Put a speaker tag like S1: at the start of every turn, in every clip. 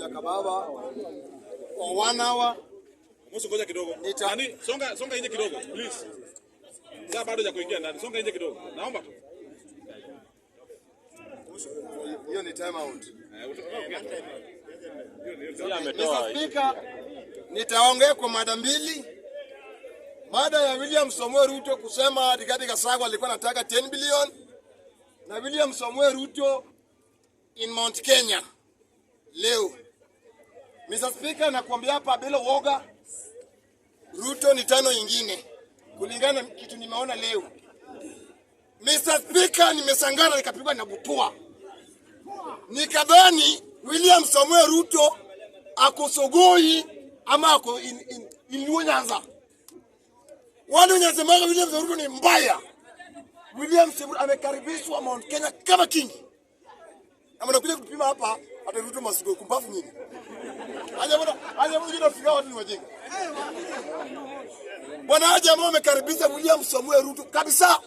S1: Kababa for one hour.
S2: Ngoja kidogo. Nani, songa songa nje kidogo please. bado ya kuingia ndani. Songa nje kidogo. Naomba tu.
S3: Hiyo ni time out. Eh, oh,
S1: Mr. Speaker, nitaongea kwa mada mbili. Mada ya William Samuel Ruto kusema Rigathi Gachagua alikuwa anataka 10 bilioni na William Samuel Ruto in Mount Kenya Mr. Speaker, nakuambia hapa bila uoga, Ruto ni tano nyingine kulingana na kitu nimeona leo. Mr. Speaker, nimesangara nikapigwa na butua, nikadhani William Samuel Ruto ako Sogoi ama ako Luo Nyanza. Wale wanasemaga William Samuel Ruto ni mbaya. William Samuel amekaribishwa Mount Kenya kama king, amenakuja kupima hapa atavitu masiko kumbafu nini? Aje bwana, aje mtu jina fika watu ni wajinga. Bwana aje ambao umekaribisha William Samuel Ruto kabisa.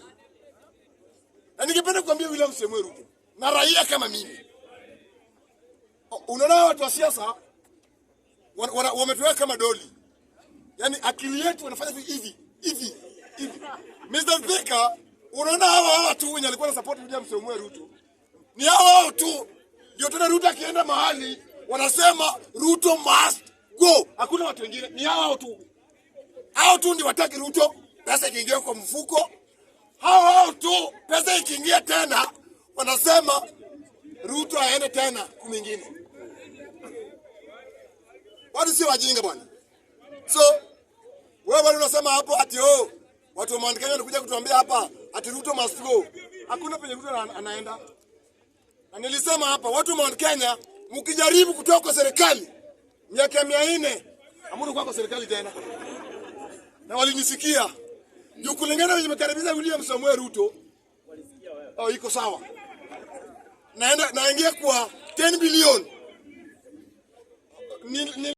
S1: Na ningependa kuambia William Samuel Ruto na raia kama mimi. Unaona watu wa siasa wametuweka kama doli. Yaani akili yetu wanafanya hivi hivi hivi. Mr. Speaker, unaona hawa hawa tu wenye walikuwa na support William Samuel Ruto. Ni hawa tu ndio tena Ruto akienda mahali wanasema Ruto must go, hakuna watu wengine, ni hao tu. Hao tu ndio wataki Ruto, pesa ikiingia kwa mfuko. Hao hao tu, pesa ikiingia tena wanasema Ruto aende tena kumingine. Watu si wajinga bwana. So wewe bado unasema hapo ati oh, watu wa Mount Kenya wanakuja kutuambia hapa ati Ruto must go. Hakuna penye Ruto anaenda. Na nilisema hapa watu Mount Kenya, mkijaribu kutoka kwa serikali miaka mia nne amuru kwa serikali tena, na walinisikia juu kulingana na nimekaribisha William Samuel Ruto. Oh, iko sawa, naenda naingia kwa 10 bilioni ni, ni...